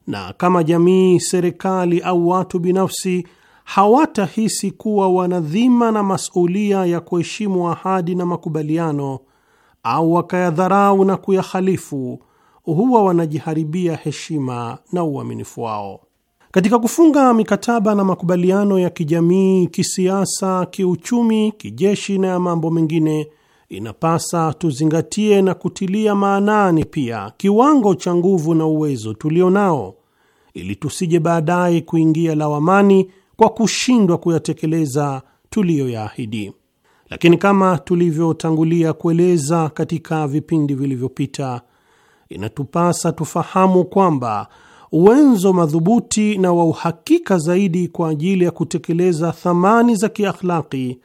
F: na kama jamii, serikali au watu binafsi hawatahisi kuwa wana dhima na masulia ya kuheshimu ahadi na makubaliano, au wakayadharau na kuyahalifu, huwa wanajiharibia heshima na uaminifu wao. Katika kufunga mikataba na makubaliano ya kijamii, kisiasa, kiuchumi, kijeshi na ya mambo mengine, inapasa tuzingatie na kutilia maanani pia kiwango cha nguvu na uwezo tulio nao, ili tusije baadaye kuingia lawamani kwa kushindwa kuyatekeleza tuliyoyaahidi. Lakini kama tulivyotangulia kueleza katika vipindi vilivyopita, inatupasa tufahamu kwamba uwenzo madhubuti na wa uhakika zaidi kwa ajili ya kutekeleza thamani za kiakhlaki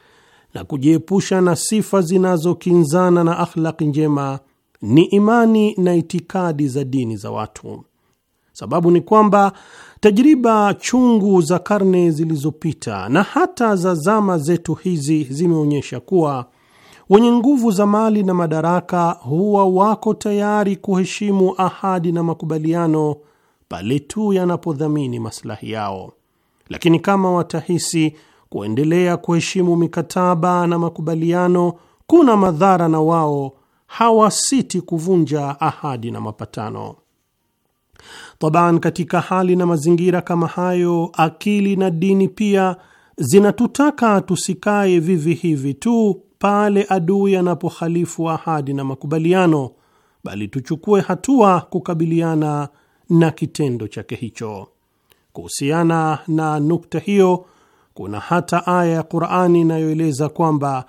F: na kujiepusha na sifa zinazokinzana na akhlaki njema ni imani na itikadi za dini za watu. Sababu ni kwamba tajriba chungu za karne zilizopita na hata za zama zetu hizi zimeonyesha kuwa wenye nguvu za mali na madaraka huwa wako tayari kuheshimu ahadi na makubaliano pale tu yanapodhamini maslahi yao, lakini kama watahisi kuendelea kuheshimu mikataba na makubaliano kuna madhara na wao hawasiti kuvunja ahadi na mapatano. Taban, katika hali na mazingira kama hayo, akili na dini pia zinatutaka tusikae vivi hivi tu pale adui anapohalifu ahadi na makubaliano, bali tuchukue hatua kukabiliana na kitendo chake hicho. Kuhusiana na nukta hiyo, kuna hata aya ya Qur'ani inayoeleza kwamba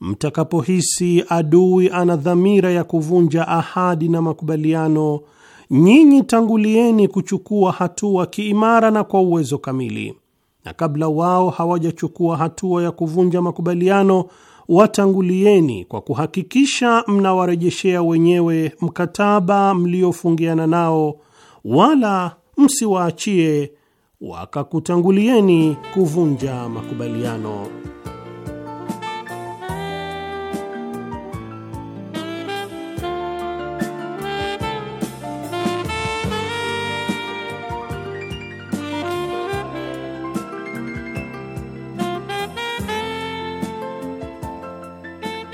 F: mtakapohisi adui ana dhamira ya kuvunja ahadi na makubaliano nyinyi tangulieni kuchukua hatua kiimara na kwa uwezo kamili, na kabla wao hawajachukua hatua ya kuvunja makubaliano, watangulieni kwa kuhakikisha mnawarejeshea wenyewe mkataba mliofungiana nao, wala msiwaachie wakakutangulieni kuvunja makubaliano.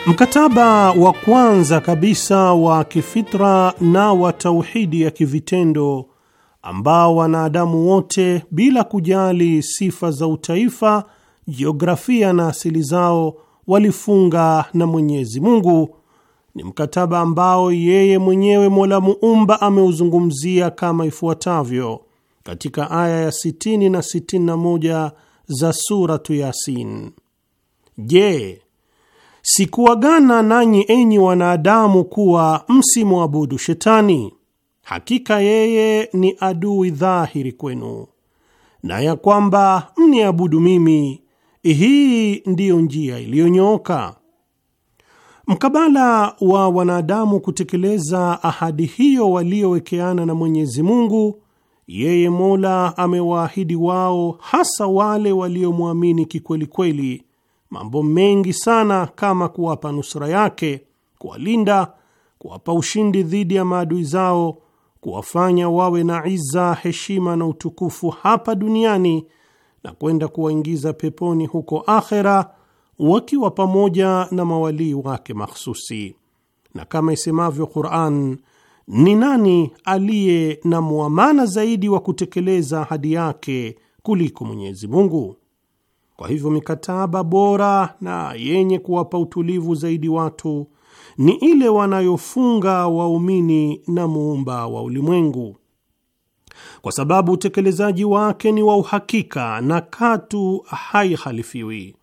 F: Mkataba wa kwanza kabisa wa kifitra na wa tauhidi ya kivitendo ambao wanadamu wote bila kujali sifa za utaifa, jiografia na asili zao walifunga na Mwenyezi Mungu ni mkataba ambao yeye mwenyewe Mola Muumba ameuzungumzia kama ifuatavyo katika aya ya 60 na 61 za suratu Yasin: Je, Sikuagana nanyi enyi wanadamu kuwa msimwabudu Shetani, hakika yeye ni adui dhahiri kwenu, na ya kwamba mniabudu mimi, hii ndiyo njia iliyonyooka. Mkabala wa wanadamu kutekeleza ahadi hiyo waliowekeana na Mwenyezi Mungu, yeye Mola amewaahidi wao, hasa wale waliomwamini kikwelikweli mambo mengi sana kama kuwapa nusra yake, kuwalinda, kuwapa ushindi dhidi ya maadui zao, kuwafanya wawe na iza, heshima na utukufu hapa duniani na kwenda kuwaingiza peponi huko akhera wakiwa pamoja na mawalii wake makhsusi Na kama isemavyo Qur'an, ni nani aliye na mwamana zaidi wa kutekeleza ahadi yake kuliko Mwenyezi Mungu? Kwa hivyo mikataba bora na yenye kuwapa utulivu zaidi watu ni ile wanayofunga waumini na muumba wa ulimwengu, kwa sababu utekelezaji wake ni wa uhakika na katu haihalifiwi.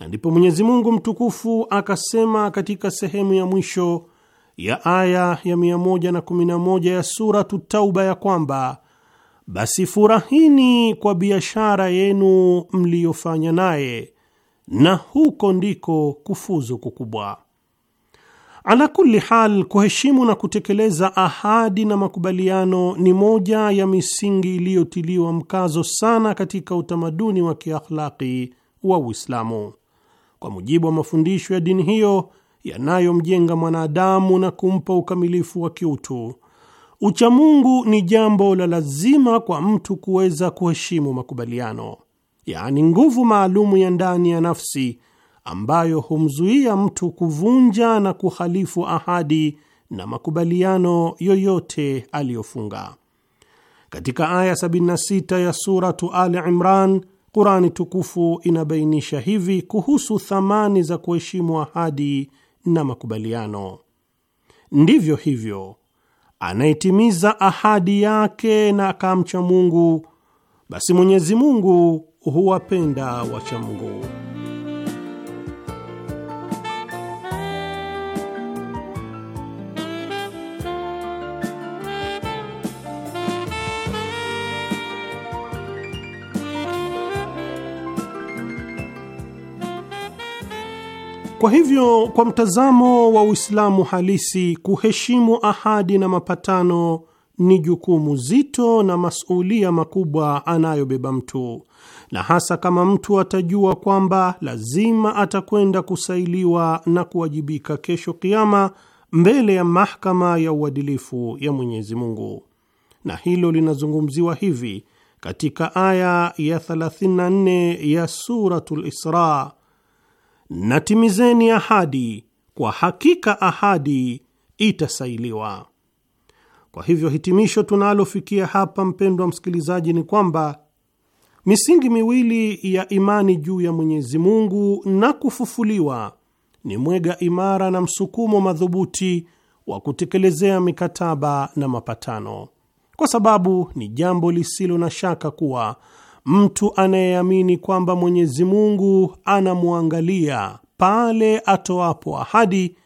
F: Na ndipo Mwenyezi Mungu mtukufu akasema katika sehemu ya mwisho ya aya ya 111 ya Suratu Tauba ya kwamba basi furahini kwa biashara yenu mliyofanya naye, na huko ndiko kufuzu kukubwa. Ala kulli hal, kuheshimu na kutekeleza ahadi na makubaliano ni moja ya misingi iliyotiliwa mkazo sana katika utamaduni wa kiakhlaki wa Uislamu. Kwa mujibu wa mafundisho ya dini hiyo yanayomjenga mwanadamu na kumpa ukamilifu wa kiutu Uchamungu ni jambo la lazima kwa mtu kuweza kuheshimu makubaliano, yaani nguvu maalumu ya ndani ya nafsi ambayo humzuia mtu kuvunja na kuhalifu ahadi na makubaliano yoyote aliyofunga. Katika aya 76 ya Suratu al Imran, Kurani tukufu inabainisha hivi kuhusu thamani za kuheshimu ahadi na makubaliano: ndivyo hivyo anayetimiza ahadi yake na akamcha Mungu, basi Mwenyezi Mungu huwapenda wacha Kwa hivyo, kwa mtazamo wa Uislamu halisi, kuheshimu ahadi na mapatano ni jukumu zito na masulia makubwa anayobeba mtu, na hasa kama mtu atajua kwamba lazima atakwenda kusailiwa na kuwajibika kesho kiama mbele ya mahakama ya uadilifu ya Mwenyezi Mungu. Na hilo linazungumziwa hivi katika aya ya 34 ya Suratul Isra na timizeni ahadi, kwa hakika ahadi itasailiwa. Kwa hivyo hitimisho tunalofikia hapa, mpendwa msikilizaji, ni kwamba misingi miwili ya imani juu ya Mwenyezi Mungu na kufufuliwa ni mwega imara na msukumo madhubuti wa kutekelezea mikataba na mapatano, kwa sababu ni jambo lisilo na shaka kuwa mtu anayeamini kwamba Mwenyezi Mungu anamwangalia pale atoapo ahadi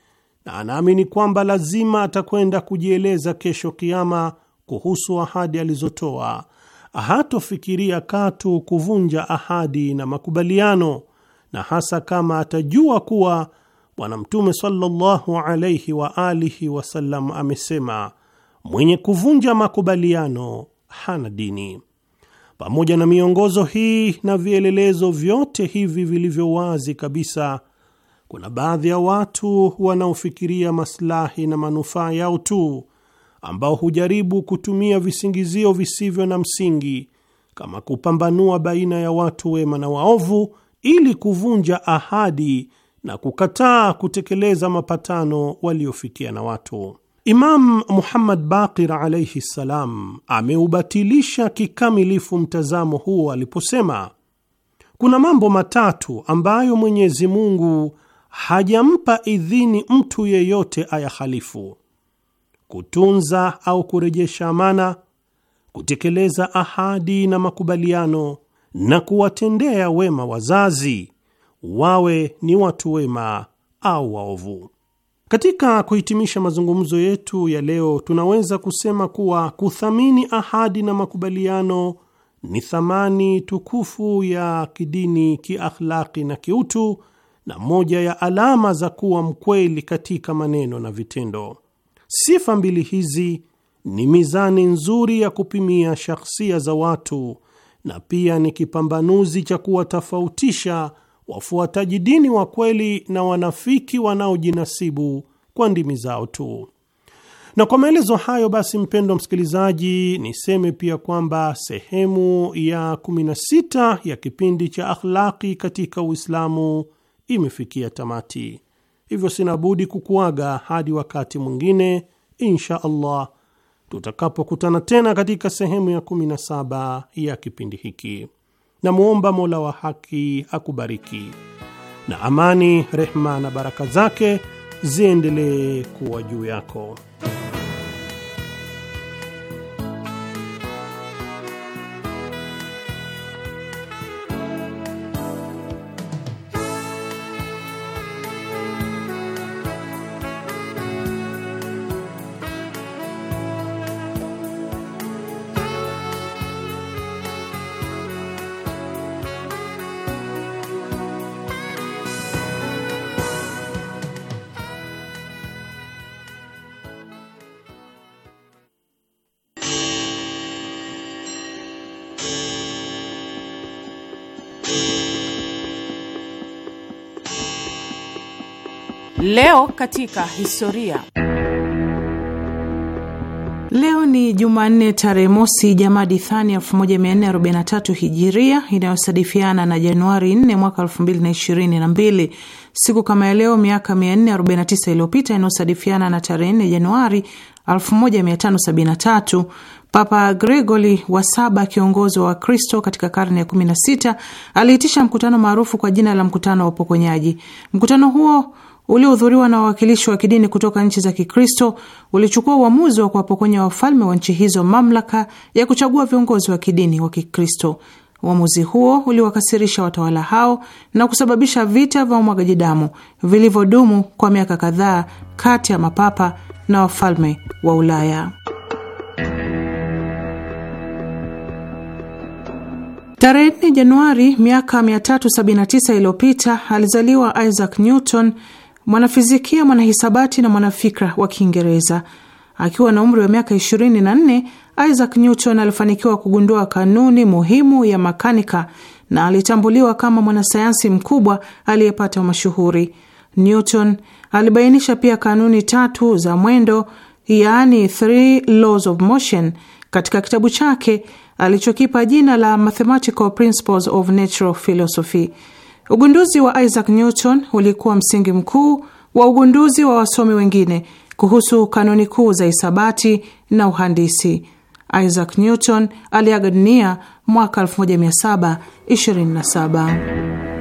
F: na anaamini kwamba lazima atakwenda kujieleza kesho Kiama kuhusu ahadi alizotoa, hatofikiria katu kuvunja ahadi na makubaliano, na hasa kama atajua kuwa Bwana Mtume sallallahu alaihi wa alihi wasallam amesema, mwenye kuvunja makubaliano hana dini. Pamoja na miongozo hii na vielelezo vyote hivi vilivyo wazi kabisa, kuna baadhi ya watu wanaofikiria maslahi na manufaa yao tu, ambao hujaribu kutumia visingizio visivyo na msingi kama kupambanua baina ya watu wema na waovu ili kuvunja ahadi na kukataa kutekeleza mapatano waliofikia na watu. Imam Muhammad Baqir alaihi ssalam ameubatilisha kikamilifu mtazamo huo aliposema, kuna mambo matatu ambayo Mwenyezi Mungu hajampa idhini mtu yeyote ayahalifu: kutunza au kurejesha amana, kutekeleza ahadi na makubaliano, na kuwatendea wema wazazi, wawe ni watu wema au waovu. Katika kuhitimisha mazungumzo yetu ya leo, tunaweza kusema kuwa kuthamini ahadi na makubaliano ni thamani tukufu ya kidini, kiakhlaki na kiutu, na moja ya alama za kuwa mkweli katika maneno na vitendo. Sifa mbili hizi ni mizani nzuri ya kupimia shakhsia za watu na pia ni kipambanuzi cha kuwatofautisha wafuataji dini wa kweli na wanafiki wanaojinasibu kwa ndimi zao tu. Na kwa maelezo hayo basi, mpendwa msikilizaji, niseme pia kwamba sehemu ya 16 ya kipindi cha akhlaki katika Uislamu imefikia tamati. Hivyo sina budi kukuaga hadi wakati mwingine, insha Allah tutakapokutana tena katika sehemu ya 17 ya kipindi hiki namwomba Mola wa haki akubariki na amani, rehma na baraka zake ziendelee kuwa juu yako.
G: Leo katika historia. Leo ni Jumanne tarehe mosi Jamadi Thani 1443 Hijiria, inayosadifiana na Januari 4 mwaka 2022. Siku kama ya leo miaka 449 iliyopita, inayosadifiana na tarehe 4 Januari 1573 Papa Gregory wa saba, kiongozi wa Wakristo katika karne ya 16, aliitisha mkutano maarufu kwa jina la mkutano wa upokonyaji. Mkutano huo uliohudhuriwa na wawakilishi wa kidini kutoka nchi za Kikristo ulichukua uamuzi wa kuwapokonya wafalme wa nchi hizo mamlaka ya kuchagua viongozi wa kidini wa Kikristo. Uamuzi huo uliwakasirisha watawala hao na kusababisha vita vya umwagaji damu vilivyodumu kwa miaka kadhaa kati ya mapapa na wafalme wa Ulaya. Tarehe 4 Januari miaka 379 iliyopita alizaliwa Isaac Newton, mwanafizikia, mwanahisabati na mwanafikra wa Kiingereza. Akiwa na umri wa miaka 24, Isaac Newton alifanikiwa kugundua kanuni muhimu ya makanika na alitambuliwa kama mwanasayansi mkubwa aliyepata mashuhuri. Newton alibainisha pia kanuni tatu za mwendo, yaani three laws of motion, katika kitabu chake alichokipa jina la Mathematical Principles of Natural Philosophy. Ugunduzi wa Isaac Newton ulikuwa msingi mkuu wa ugunduzi wa wasomi wengine kuhusu kanuni kuu za hisabati na uhandisi. Isaac Newton aliaga dunia mwaka 1727.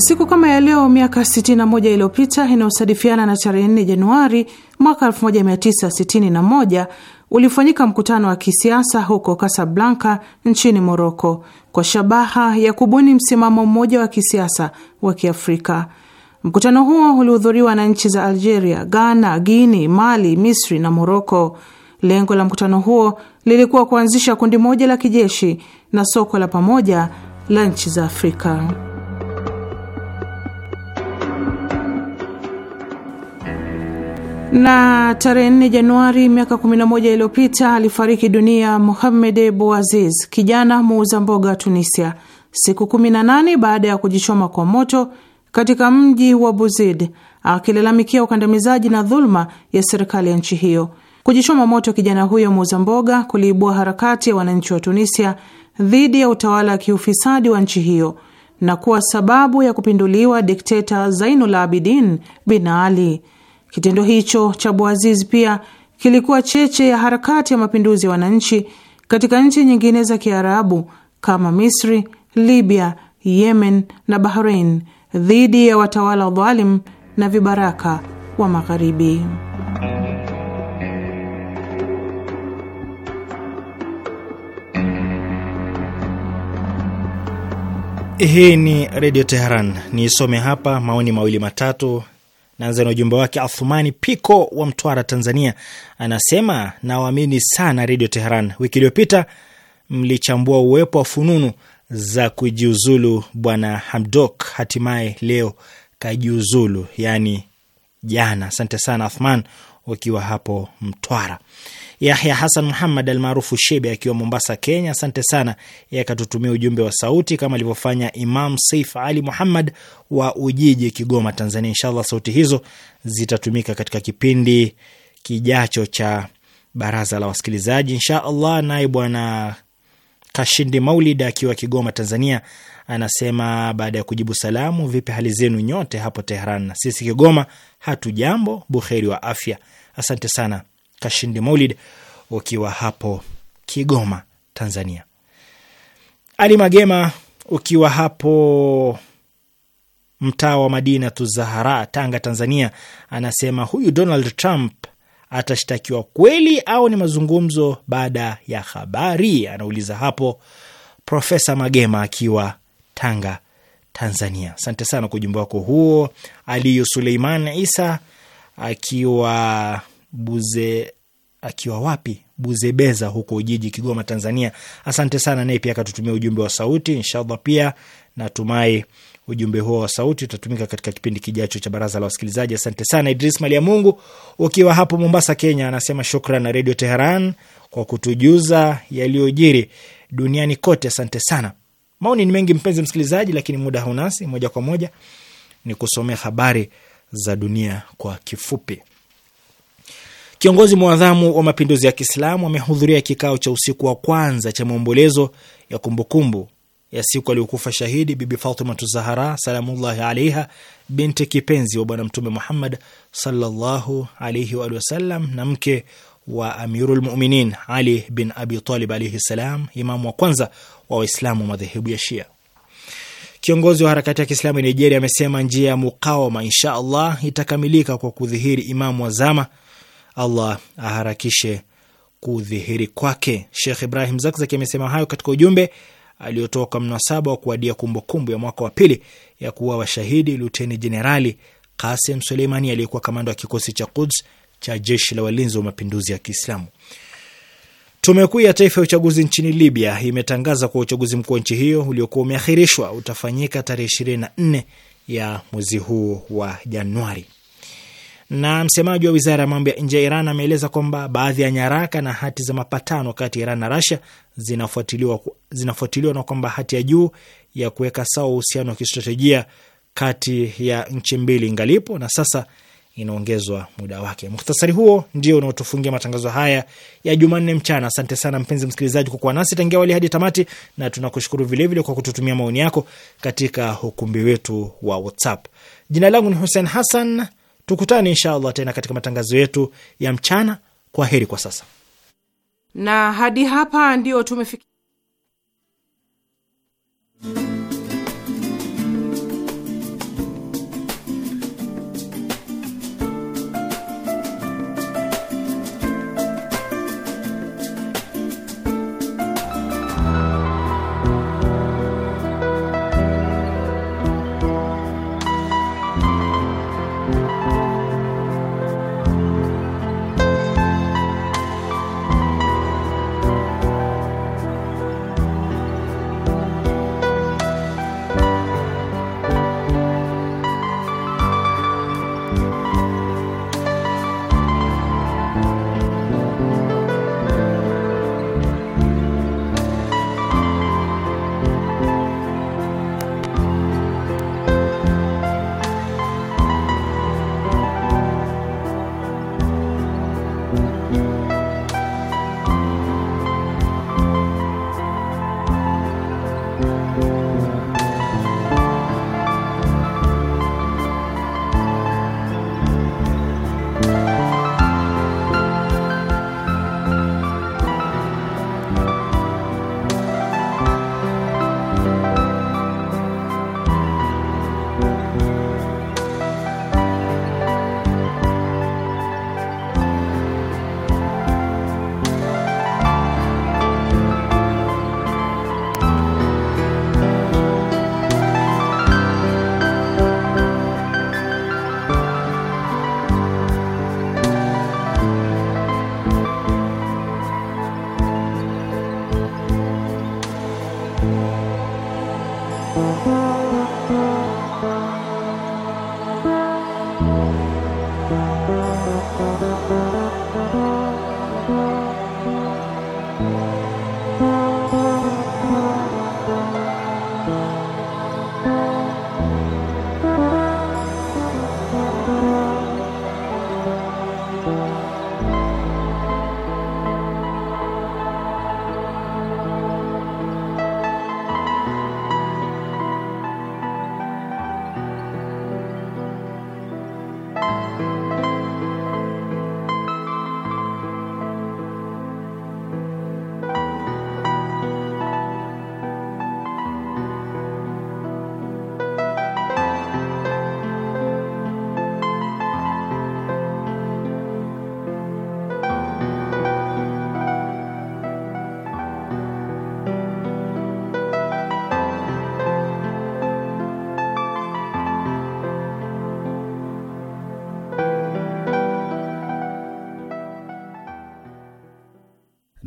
G: Siku kama ya leo miaka 61 iliyopita inayosadifiana na tarehe 4 Januari mwaka 1961 ulifanyika mkutano wa kisiasa huko Casablanca nchini Moroko kwa shabaha ya kubuni msimamo mmoja wa kisiasa wa Kiafrika. Mkutano huo ulihudhuriwa na nchi za Algeria, Ghana, Guini, Mali, Misri na Moroko. Lengo la mkutano huo lilikuwa kuanzisha kundi moja la kijeshi na soko la pamoja la nchi za Afrika. na tarehe 4 Januari miaka 11 iliyopita alifariki dunia Mohamed Bouaziz, kijana muuza mboga wa Tunisia, siku 18 baada ya kujichoma kwa moto katika mji wa Buzid, akilalamikia ukandamizaji na dhuluma ya serikali ya nchi hiyo. Kujichoma moto kijana huyo muuza mboga kuliibua harakati ya wananchi wa Tunisia dhidi ya utawala wa kiufisadi wa nchi hiyo na kuwa sababu ya kupinduliwa dikteta Zainul Abidin bin Ali. Kitendo hicho cha Bouazizi pia kilikuwa cheche ya harakati ya mapinduzi ya wananchi katika nchi nyingine za Kiarabu kama Misri, Libya, Yemen na Bahrain dhidi ya watawala dhalim na vibaraka wa Magharibi.
A: Hii ni Redio Teheran. Nisome hapa maoni mawili matatu Naanza na ujumbe wake Athumani Piko wa Mtwara, Tanzania, anasema nawaamini sana Redio Teheran. Wiki iliyopita mlichambua uwepo wa fununu za kujiuzulu Bwana Hamdok, hatimaye leo kajiuzulu, yaani jana. Asante sana Athman, ukiwa hapo Mtwara. Yahya Hasan Muhammad almaarufu Shebe akiwa Mombasa, Kenya. Asante sana yakatutumia ujumbe wa sauti kama alivyofanya Imam Saif Ali Muhammad wa Ujiji, Kigoma, Tanzania. Inshallah sauti hizo zitatumika katika kipindi kijacho cha baraza la wasikilizaji insha allah. Naye bwana Kashindi Maulid akiwa Kigoma, Tanzania, anasema baada ya kujibu salamu, vipi hali zenu nyote hapo Tehran? Na sisi Kigoma hatu jambo, buheri wa afya. Asante sana Kashindi Maulid ukiwa hapo Kigoma, Tanzania. Ali Magema ukiwa hapo mtaa wa Madina Tuzahara, Tanga, Tanzania, anasema huyu Donald Trump atashtakiwa kweli au ni mazungumzo baada ya habari? Anauliza hapo Profesa Magema akiwa Tanga, Tanzania. Asante sana kwa ujumbe wako huo. Aliyu Suleiman Isa akiwa Buze akiwa wapi? Buzebeza huko Ujiji, Kigoma, Tanzania. Asante sana, naye pia akatutumia ujumbe wa sauti. Inshallah pia natumai ujumbe huo wa sauti utatumika katika kipindi kijacho cha baraza la wasikilizaji. Asante sana Idris Mali ya Mungu ukiwa hapo Mombasa, Kenya, anasema shukran na Redio Teheran kwa kutujuza yaliyojiri duniani kote. Asante sana. Maoni ni mengi mpenzi msikilizaji, lakini muda haunasi, moja kwa moja ni kusomea habari za dunia kwa kifupi. Kiongozi mwadhamu wa mapinduzi ya Kiislamu amehudhuria kikao cha usiku wa kwanza cha maombolezo ya kumbukumbu ya siku aliyokufa shahidi Bibi Fatimatu Zahara salamullahi alaiha, binti kipenzi wa Bwana Mtume Muhammad sallallahu alaihi wa sallam, na mke wa Amirul Muminin Ali bin Abi Talib alaihi salam, imamu wa kwanza wa Waislamu madhehebu ya Shia. Kiongozi wa harakati ya Kiislamu ya Nigeria amesema njia ya mukawama insha allah itakamilika kwa kudhihiri imamu wa zama Allah aharakishe kudhihiri kwake. Shekh Ibrahim Zakzaki amesema hayo katika ujumbe aliotoa kwa mnasaba wa kuadia kumbukumbu ya mwaka wa pili ya kuwa washahidi Luteni Jenerali Kasim Suleimani aliyekuwa kamanda wa kikosi cha Quds cha jeshi la walinzi wa mapinduzi ya Kiislamu. Tume Kuu ya Taifa ya Uchaguzi nchini Libya imetangaza kuwa uchaguzi mkuu wa nchi hiyo uliokuwa umeahirishwa utafanyika tarehe 24 ya mwezi huu wa Januari. Na msemaji wa wizara ya mambo ya nje ya Iran ameeleza kwamba baadhi ya nyaraka na hati za mapatano kati ya Iran na Rasia zinafuatiliwa, zinafuatiliwa na kwamba hati ya juu ya kuweka sawa uhusiano wa kistratejia kati ya nchi mbili ingalipo na sasa inaongezwa muda wake. Mukhtasari huo ndio unaotufungia matangazo haya ya Jumanne mchana. Asante sana mpenzi msikilizaji kwa kuwa nasi tangia awali hadi tamati, na tunakushukuru vilevile kwa kututumia maoni yako katika ukumbi wetu wa WhatsApp. Jina langu ni Hussein Hassan. Tukutane insha allah tena katika matangazo yetu ya mchana. Kwa heri kwa sasa,
G: na hadi hapa ndio tumefikia.